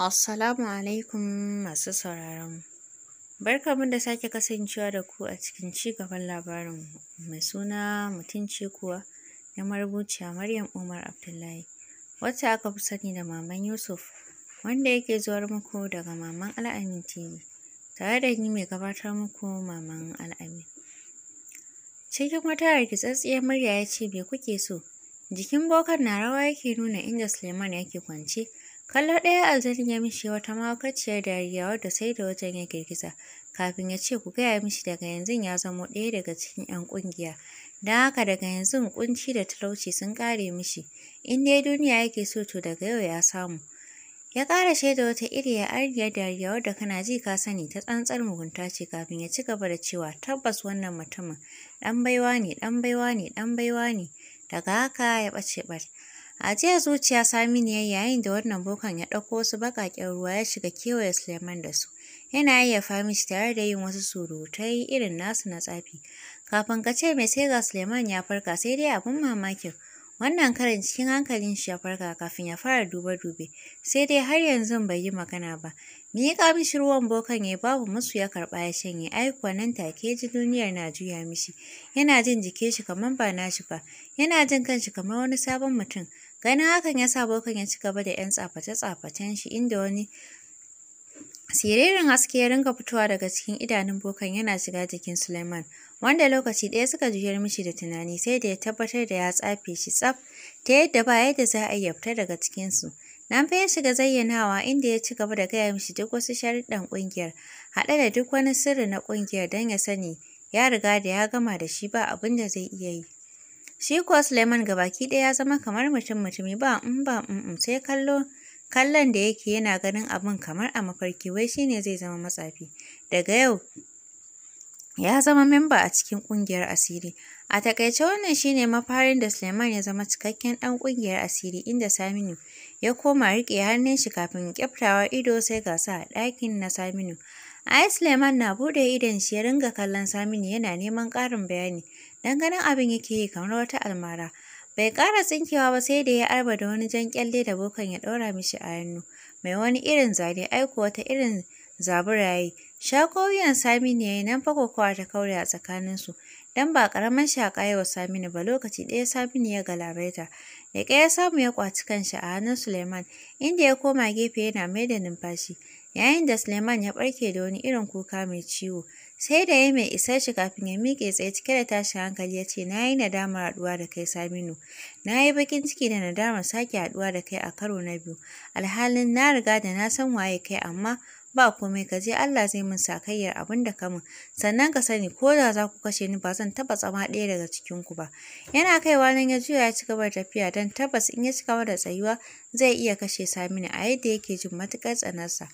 Assalamu alaikum masu sauraron mu. da sake kasancewa da ku a cikin ci gaban labarin mai suna mutunci kuwa na marubuciya Maryam Umar Abdullahi wacce aka fi sani da Maman Yusuf wanda yake zuwar muku daga Maman Al'amin TV tare da ni mai gabatar muku Maman Al'amin. Cikin wata rikitsatsiyar murya ya ce bai kuke so jikin bokar na rawa yake nuna inda Suleiman yake kwance Kallo ɗaya aljanin ya mishi wata mahaukaciyar dariya wadda sai da wajen ya girgiza kafin ya ce ku gaya mishi daga yanzu ya zamo ɗaya daga cikin 'yan ƙungiya. Don haka daga yanzu kunci da talauci sun ƙare mishi, in dai duniya yake so to daga yau ya samu. Ya ƙara shaida wata iri ya arya dariya wadda kana ji ka sani ta tsantsar mugunta ce kafin ya ci gaba da cewa tabbas wannan mutumin ɗan baiwa ne ɗan baiwa ne ɗan baiwa ne daga haka ya ɓace ɓace A jiya zuciya Saminu ya yayin da wannan bokan ya ɗauko wasu baƙaƙen ruwa ya shiga kewaye Suleiman da su. Yana yayyafa mishi tare da yin wasu surutai irin nasu na tsafi. Kafin ka ce mai sai ga Suleiman ya farka sai dai abin mamakin. Wannan karin cikin hankalin shi ya farka kafin ya fara dube-dube, sai dai har yanzu bai yi magana ba. Miƙa mishi ruwan bokan ya babu musu ya karɓa ya shanye, ai kuwa nan take ji duniyar na juya mishi. Yana jin jike shi kamar ba nashi ba, yana jin kanshi kamar wani sabon mutum. Ganin hakan ya sa bokan ya ci gaba da 'yan tsaface-tsafacen shi inda wani Siririn haske ya ringa fitowa daga cikin idanun bokan yana shiga jikin Suleiman, wanda lokaci ɗaya suka juyar mishi da tunani sai da ya tabbatar da ya tsafe shi tsaf ta yadda ba yadda za a iya fita daga cikinsu. Nan fa ya shiga zayyanawa inda ya ci gaba da gaya mishi duk wasu sharuɗan ƙungiyar, haɗe da duk wani sirri na ƙungiyar don ya sani ya riga da ya gama da shi ba abin da zai iya yi. Shi kuwa Suleiman gabaki ɗaya ya zama kamar mutum mutumi ba in mm, ba in mm, mm, sai kallo kallon da yake yana ganin abin kamar a mafarki wai shi ne zai zama matsafi. Daga yau ya zama memba a cikin kungiyar asiri. A takaice wannan shine mafarin da Suleiman ya zama cikakken ɗan kungiyar asiri inda Saminu ya koma riƙe hannun shi kafin kyaftawar ido sai gasa a ɗakin na Saminu. Ai Suleiman na buɗe idon shi ya ringa kallon Saminu yana neman ƙarin bayani Dan ganin abin yake yi kamar wata almara. Bai ƙara tsinkewa ba sai da ya arba da wani jan kyalle da bokan ya ɗora mishi a hannu. Mai wani irin zane aiko wata irin zabura ya yi. Shako Saminu ya yi nan fa ta kaure a tsakaninsu. Dan ba karaman shaka yi wa Saminu ba lokaci ɗaya Saminu ya galabaita. Da ya samu ya ƙwaci kanshi a hannun Suleiman inda ya koma gefe yana mai da numfashi. Yayin da Suleiman ya ɓarke da wani irin kuka mai ciwo. Sai da ya mai isar shi kafin ya miƙe tsaye cike da tashin hankali ya ce, Na yi nadamar haɗuwa da kai Saminu, na yi bakin ciki da nadamar sake haɗuwa da kai a karo na biyu, alhalin na riga da na san waye kai amma ba komai ka je Allah zai min sakayyar abin da kamun sannan ka sani ko da za ku kashe ni ba zan taba tsama ɗaya daga cikin ku ba yana kaiwa nan ya juya ya ci gaba da tafiya don tabbas in ya ci gaba da tsayuwa zai iya kashe Saminu a yadda yake jin matukar tsanarsa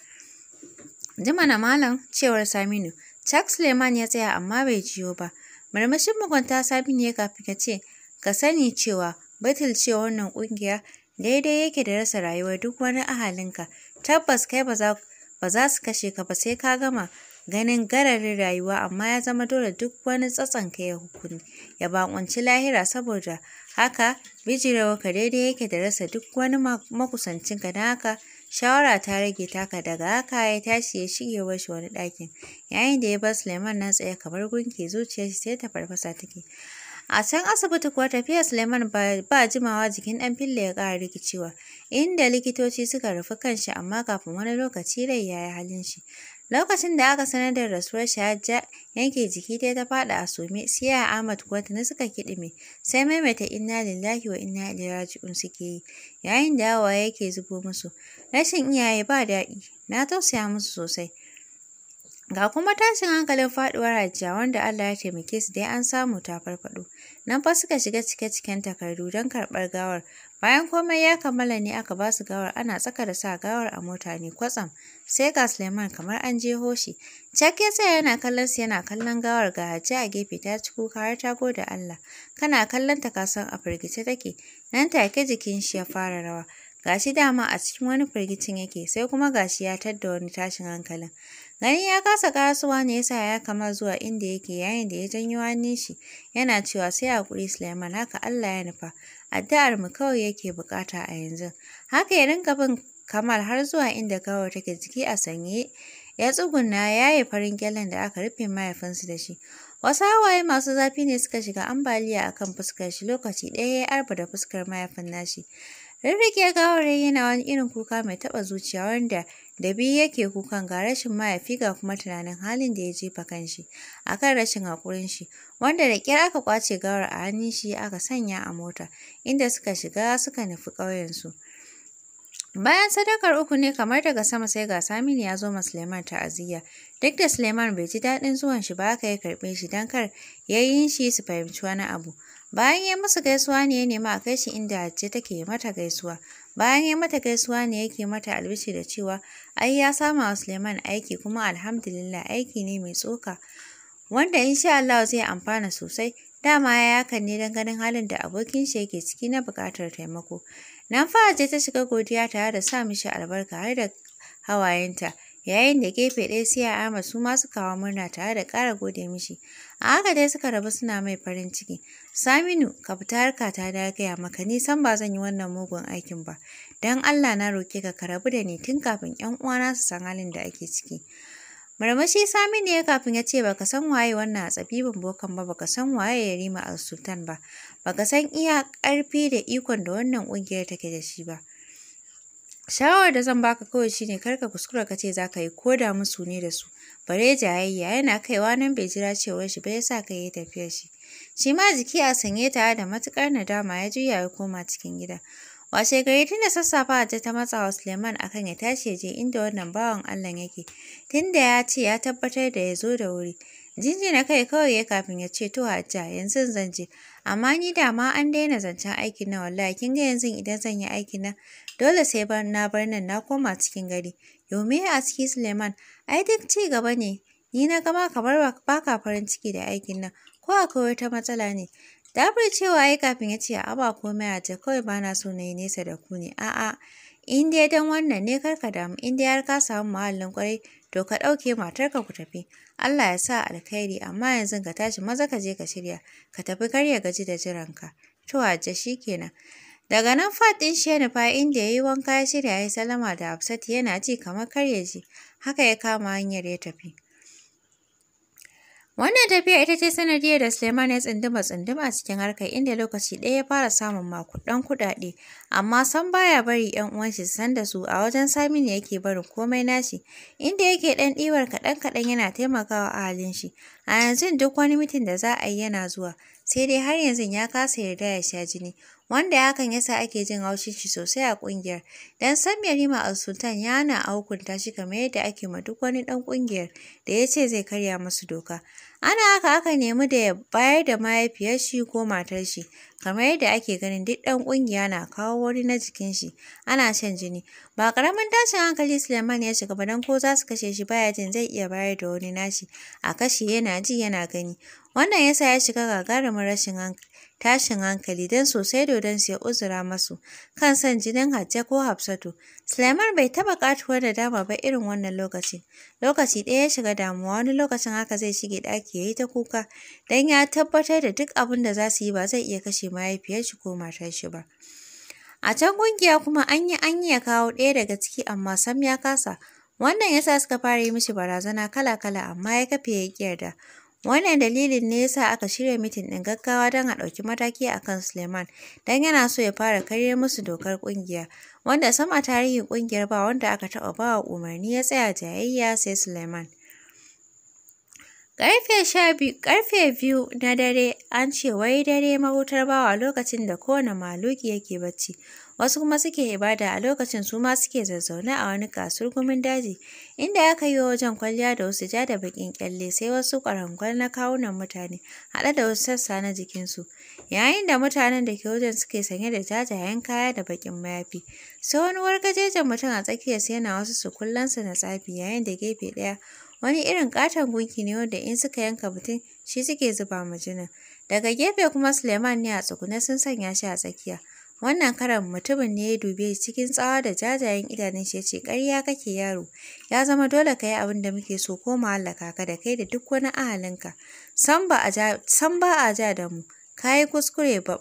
Jimana Malam cewar Saminu Chuck Suleiman ya tsaya amma bai jiyo ba. Marmashin mugunta sabi ne kafin ya ce, Ka sani cewa ce wannan ƙungiya daidai yake da rasa rayuwar duk wani ahalinka. Tabbas kai ba za su kashe ka ba sai ka gama ganin gararin rayuwa amma ya zama dole duk wani ka ya hukuni ya bakunci lahira saboda haka bijirewa ka daidai yake da rasa duk wani makusancinka na haka Shawara ta rage taka daga haka ya tashi ya shige washi wani ɗakin. Yayin da ya bar Suleiman na tsaye kamar gunki zuciyar shi sai ta farfasa take. A can asibiti kuwa tafiya Suleiman ba jimawa jikin ɗan fille ya ƙara rikicewa, inda likitoci suka rufi kanshi amma kafin wani lokaci rai ya yi halin shi. Lokacin da aka sanar da rasuwar Shahajja, yanke jiki ta ta faɗi a sumi siya Ahmad kuwa ta suka kiɗime, sai maimaita inna lillahi wa inna ilaihi raji'un suke yi, yayin da hawaye yake zubo musu. rashin iyaye ba daɗi na tausaya musu sosai ga kuma tashin hankalin faduwar hajiya wanda Allah ya taimake su dai an samu ta farfado nan fa suka shiga cike ciken takardu don karɓar gawar bayan komai ya kammala ne aka basu gawar ana tsaka da sa gawar a mota ne kwatsam sai ga Suleiman kamar an je hoshi Cak ya tsaya yana kallon su yana kallon gawar ga hajji a gefe ta ci kuka har ta gode Allah kana kallon ta kasan a firgice take nan take jikin shi ya fara rawa gashi dama a cikin wani firgicin yake sai kuma gashi ya tadda wani tashin hankalin Gani ya kasa kasuwa ne yasa ya kamar zuwa inda yake yayin da ya janyo hannun shi yana cewa sai hakuri Suleiman, haka Allah ya nufa addu'ar mu kawai yake bukata a yanzu haka ya rinka bin kamar har zuwa inda gawar take jiki a sanye ya tsuguna ya yi farin gyalen da aka rufe mahaifinsu da shi Wasu hawaye masu zafi ne suka shiga ambaliya akan fuskar shi lokaci ɗaya ya arba da fuskar mahaifin nashi. Rirriƙe gawar yana wani irin kuka mai taɓa zuciya wanda da biyu yake kukan ga rashin mahaifi ga kuma tunanin halin da ya jefa shi, a kan rashin haƙurin shi wanda da ƙyar aka ƙwace gawar a hannun shi aka sanya a mota inda suka shiga suka nufi ƙauyensu. Bayan sadakar uku ne kamar daga sama sai ga Saminu ya zo ma Suleiman ta'aziyya. Duk da Suleiman bai ji daɗin zuwan shi ba aka ya karɓe shi don kar ya yi shi su fahimci wani abu. Bayan ya musu gaisuwa ne ya nema a kai shi inda Hajji take mata gaisuwa. Bayan ya mata gaisuwa ne yake mata albishi da cewa ai ya sama wa Suleiman aiki kuma alhamdulillah aiki ne mai tsoka wanda insha Allah zai amfana sosai. Dama ya yakan ne don ganin halin da abokin shi yake ciki na buƙatar taimako. Nan fa Hajji ta shiga godiya tare da sa mishi albarka har da hawayenta. Yayin da gefe ɗaya sai ya Ahmad su masu kawo murna tare da ƙara gode mishi. A haka dai suka rabu suna mai farin ciki. Saminu, ka fita harka ta da gaya maka ni san ba zan yi wannan mugun aikin ba. Don Allah na roke ka ka rabu da ni tun kafin 'yan uwana su san halin da ake ciki. Marmashi Saminu ya kafin ya ce baka san waye wannan a tsabibin bokan ba baka san waye ya rima al-sultan ba baka san iya karfi da ikon da wannan ƙungiyar take da shi ba. shawar da zan baka kawai shine kar ka kuskura ka ce zaka yi ko da musu ne da su bare jayayya yana kaiwa nan bai jira cewar shi ba ya sa kai ya tafiyar shi shi ma jiki a sanye ta da matukar nadama ya juya ya koma cikin gida washe gari tun da sassafa ta ta matsa wa suleiman akan ya tashi ya je inda wannan bawan allah yake tunda ya ce ya tabbatar da ya zo da wuri na kai kawai ya kafin ya ce to hajja yanzu zan je amma ni da ma an daina zancen aikin na wallahi kin ga yanzu idan zan yi aikin na dole sai na bar nan na koma cikin gari Yome ya aski Suleiman, ai duk ci gaba ne, ni na gama kamar ba ka farin ciki da aikin nan, ko akwai wata matsala ne. Dabir cewa ai kafin ya ce a aba komai a ce kawai ba na so na yi nesa da ku ne, a'a. In dai dan wannan ne kar ka damu, in dai har ka samu mahallin kwarai to ka ɗauke matarka ku tafi. Allah ya sa alkhairi amma yanzu ka tashi maza ka je ka shirya, ka tafi kar gaji da jiranka. To a shi kenan. Daga nan din shi ya nufa inda ya yi wanka ya shirya ya yi salama da Hafsat yana ji kamar kar ya ji, haka ya kama hanyar ya tafi. Wannan tafiya ita ce sanadiyar da Suleiman ya tsunduma-tsunduma tsunduma cikin harkar inda lokaci ɗaya ya fara samun makudan kuɗaɗe, amma san baya bari ‘yan uwanshi su san da su a wajen Saminu yake barin komai nashi, inda yake ɗan ɗibar kaɗan kaɗan yana taimakawa a halin shi, A yanzu duk wani mitin da za a yi yana zuwa, sai dai har yanzu ya kasa yarda ya sha jini, wanda hakan yasa ake jin haushin shi sosai a ƙungiyar. Dan Sam Yarima Al-Sultan ya na hukunta shi kamar yadda ake ma duk wani ɗan ƙungiyar da ya ce zai karya musu doka. ana haka aka nemi da ya bayar da mahaifiyar shi ko matar shi kamar yadda ake ganin duk ɗan ƙungiya na kawo wani na jikin shi ana shan jini ba karamin tashin hankali suleiman ya shiga ba don ko za su kashe shi baya jin zai iya bayar da wani nashi a kashe yana ji yana gani wannan yasa ya shiga gagarumin rashin hankali tashin hankali don sosai dodon su ya uzura masu kan san jinin hajja ko hafsatu sulaiman bai taba katuwar da dama ba irin wannan lokacin lokaci ɗaya ya shiga damuwa wani lokacin haka zai shige ɗaki ya yi ta kuka don ya tabbatar da duk abin da za su yi ba zai iya kashe mahaifiyar shi ko matar shi ba a can ƙungiya kuma an yi an ya kawo ɗaya daga ciki amma sam ya kasa wannan yasa suka fara yi mishi barazana kala-kala amma ya kafe ya ƙi yarda Wannan dalilin ne yasa aka shirya mitin ɗin gaggawa don a ɗauki mataki a kan Suleiman, don yana so ya fara karya musu dokar ƙungiya, wanda sama tarihin ƙungiyar ba wanda aka taɓa bawa umarni ya tsaya jayayya sai Suleiman. Ƙarfe biyu, na dare an ce wai dare mahutar bawa lokacin da kowane maluki yake bacci. Wasu kuma suke ibada a lokacin su ma suke zazzaune a wani gumin daji, inda aka yi wajen kwalliya da wasu ja da bakin kyalle sai wasu ƙwarangwal na kawunan mutane, haɗe da wasu sassa na jikinsu. Yayin da mutanen da ke wajen suke sanye da jajayen kaya da bakin mayafi. Sai wani wargajejen mutum a tsakiyarsa yana wasu sukullansa na tsafi yayin da gefe ɗaya Wani irin katon gunki ne wanda in suka yanka mutum shi suke zuba ma jinin. Daga gefe kuma Suleiman ne a tsugune sun sanya shi a tsakiya. Wannan karan mutumin ne ya dube cikin tsawa da jajayen idanun shi ya ce ƙarya kake yaro ya zama dole ka yi abin da muke so ko mu hallaka ka da kai da duk wani ahalinka san ba a ja da mu ka yi kuskure ba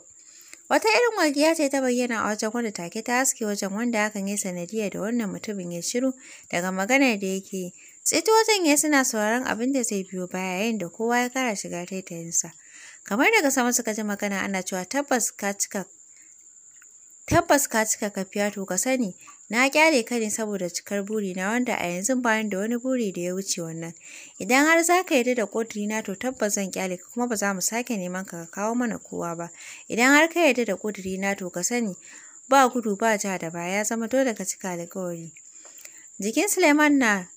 wata irin walƙiya ce ta bayyana a wajen wanda take ta haske wajen wanda hakan ya sanadiyar da wannan mutumin ya shiru daga maganar da yake yi Sai ta ya suna sauraron abin da zai biyo baya yayin da kowa ya kara shiga taitayinsa. Kamar daga sama suka ji magana ana cewa tabbas ka cika tabbas ka cika kafiya to ka sani na kyale ka ne saboda cikar buri na wanda a yanzu bayan da wani buri da ya wuce wannan idan har za ka yarda da kudiri na to tabbas zan kyale ka kuma ba za mu sake neman ka ka kawo mana kowa ba idan har ka yarda da kudiri na to ka sani ba gudu ba ja da baya ya zama dole ka cika alƙawari jikin suleiman na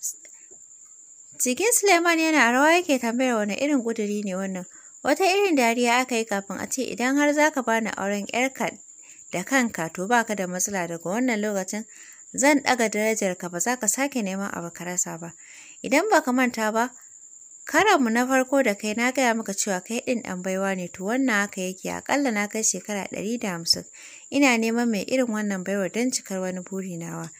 Jikin Suleiman yana rawa yake tambayar wani irin kuduri ne wannan. Wata irin dariya aka yi kafin a ce idan har za ka bani auren ‘yarka da kanka to ba ka da matsala daga wannan lokacin zan ɗaga darajar ka ba za ka sake neman abu ka rasa ba. Idan ba ka manta ba, karanmu na farko da kai na gaya maka cewa kai ɗin ɗan baiwa ne to wannan haka yake aƙalla na kai shekara ɗari da hamsin ina neman mai irin wannan baiwa don cikar wani buri nawa.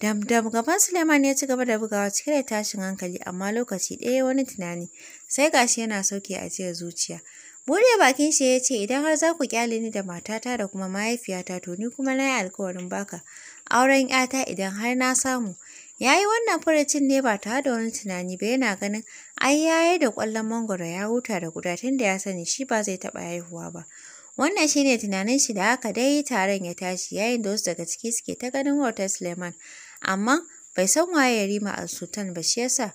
Damdam gaban Suleiman ya ci gaba da bugawa cike da tashin hankali amma lokaci ɗaya wani tunani sai gashi yana sauke ajiyar zuciya. Buɗe bakin shi ya ce idan har za ku kyale ni da matata da kuma mahaifiyata to ni kuma na yi alkawarin baka auren ‘yata idan har na samu. Ya yi wannan furucin ne ba tare da wani tunani ba yana ganin ai yaye da ƙwallon mangoro ya huta da guda tun ya sani shi ba zai taɓa haihuwa ba. Wannan shi ne tunanin shi da haka dai taron ya tashi yayin da wasu daga ciki suke ta ganin wautar Suleiman amma bai san waye Yarima Al-Sultan ba shi yasa.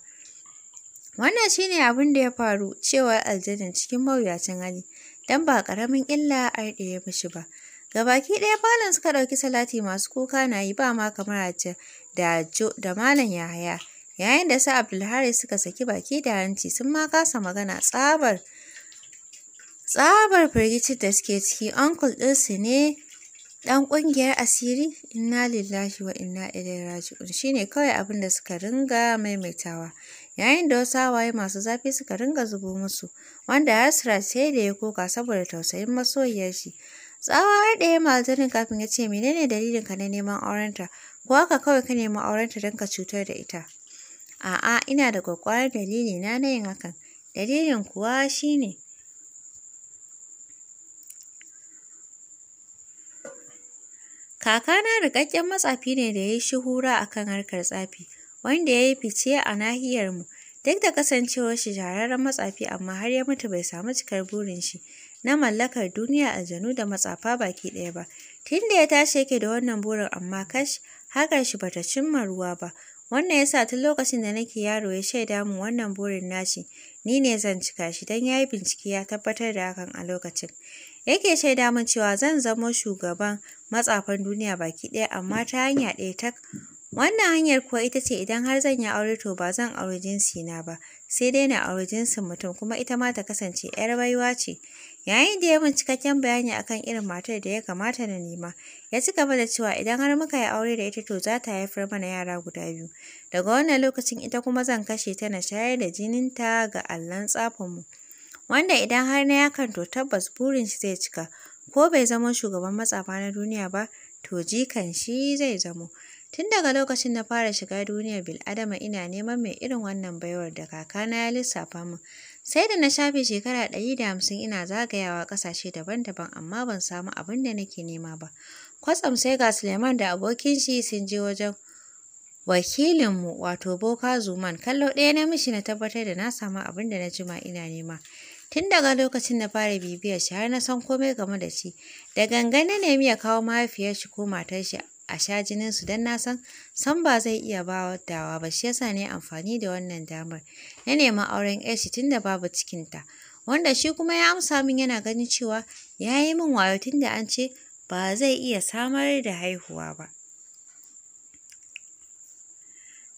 Wannan shine abin da ya faru cewa aljanin cikin mawuyacin hali dan ba karamin illa a ya mishi ba. Gabaki daya falon suka dauki salati masu kuka na yi ba ma kamar da da malam Yahaya. Yayin da su Haris suka saki baki da hanci sun ma kasa magana tsabar tsabar firgici da suke ciki uncle ɗinsu ne dan kungiyar asiri inna lillahi wa inna ilaihi raji'un shine kawai abin da suka ringa maimaitawa yayin da wasu hawaye masu zafi suka ringa zubo musu wanda hasra sai da ya koka saboda tausayin masoyiyar shi tsawa har ya malzanin kafin ya ce menene dalilin ka na neman aurenta ko haka kawai ka nemi aurenta don ka cutar da ita a'a ina da kwakwaran dalili na na yin hakan dalilin kuwa shine Kakana rikakken matsafi ne da ya yi shuhura a kan harkar tsafi, wanda ya yi fice a nahiyarmu. Duk da kasancewar shi shahararren matsafi amma har ya mutu bai samu cikar burin shi na mallakar duniya a aljanu da matsafa baki ɗaya ba. Tun da ya tashi yake da wannan burin amma kash hakar shi bata cimma ruwa ba. Wannan ya sa tun lokacin da nake yaro ya shaida mu wannan burin nashi, ni ne zan cika shi don ya yi bincike ya tabbatar da hakan a lokacin. yake shaida min cewa zan zamo shugaban matsafan duniya baki ɗaya amma ta hanya ɗaya tak wannan hanyar kuwa ita ce idan har zan yi aure to ba zan aure jinsi na ba sai dai na auri jinsin mutum kuma ita ma ta kasance yar baiwa ce yayin da ya min cikakken bayani akan irin matar da ya kamata na nema ya ci gaba da cewa idan har muka yi aure da ita to za ta haifar mana yara guda biyu daga wannan lokacin ita kuma zan kashe ta na shayar da jininta ga allon tsafinmu wanda idan har na yakan to tabbas burin shi zai cika ko bai zama shugaban matsafa na duniya ba to jikan shi zai zamo tun daga lokacin na fara shiga duniyar adama ina neman mai irin wannan baiwar da kakana ya lissafa min sai da na shafe shekara ɗari da hamsin ina zagayawa ƙasashe daban-daban amma ban samu abin da nake nema ba kwatsam sai ga suleiman da abokin shi sun je wajen wakilinmu wato boka zuman kallo ɗaya na mishi na tabbatar da na samu abin da na jima ina nema Tun daga lokacin na fara bibiyar shi har na san komai game da shi. Da gangane ne nemi ya kawo mahaifiyar shi ko matar shi a sha jinin su don na san san ba zai iya dawa ba shi yasa ne amfani da wannan damar. Na nemi auren ƴar shi da babu cikinta. Wanda shi kuma ya amsa min yana ganin cewa ya yi min wayo tun da an ce ba zai iya samar da haihuwa ba.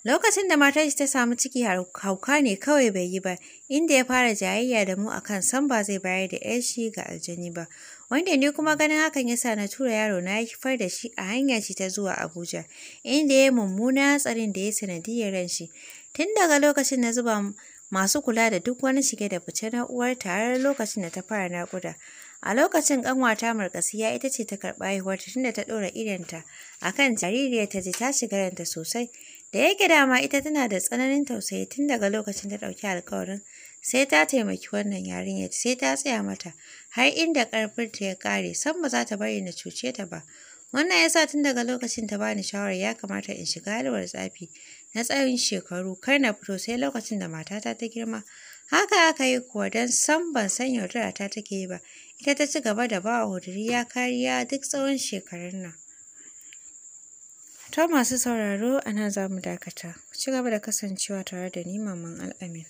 Lokacin da matar shi ta samu ciki hauka ne kawai bai yi ba, inda ya fara jayayya da mu akan san ba zai bayar da ‘yar shi ga aljani ba. Wanda ni kuma ganin hakan ya sa na tura yaro na ya kifar da shi a hanyar shi ta zuwa Abuja, inda ya yi mummuna hatsarin da ya sanadiyar ran shi. Tun daga lokacin na zuba masu kula da duk wani shige da fice na uwar tare lokacin da ta fara naƙuda. A lokacin ƙanwata Markasiya ita ce ta karɓa haihuwarta tunda ta ɗora idonta akan kan jaririyar ta ji ta shiga ranta sosai. Da yake dama ita tana da tsananin tausayi tun daga lokacin ta ɗauki alkawarin sai ta taimaki wannan yarinyar sai ta tsaya mata har inda ƙarfinta ya ƙare san ba za ta bari na cuce ta ba. Wannan ya sa tun daga lokacin ta bani shawarar ya kamata in shiga halwar tsafi na tsawon shekaru kar na fito sai lokacin da matata ta girma. Haka aka yi kuwa don san ban san yaudara ta take yi ba, ita ta ci gaba da ba wa kariya duk tsawon shekarun nan. To masu sauraro a nan za dakata. Ku ci gaba da kasancewa tare da ni Maman Al'amin.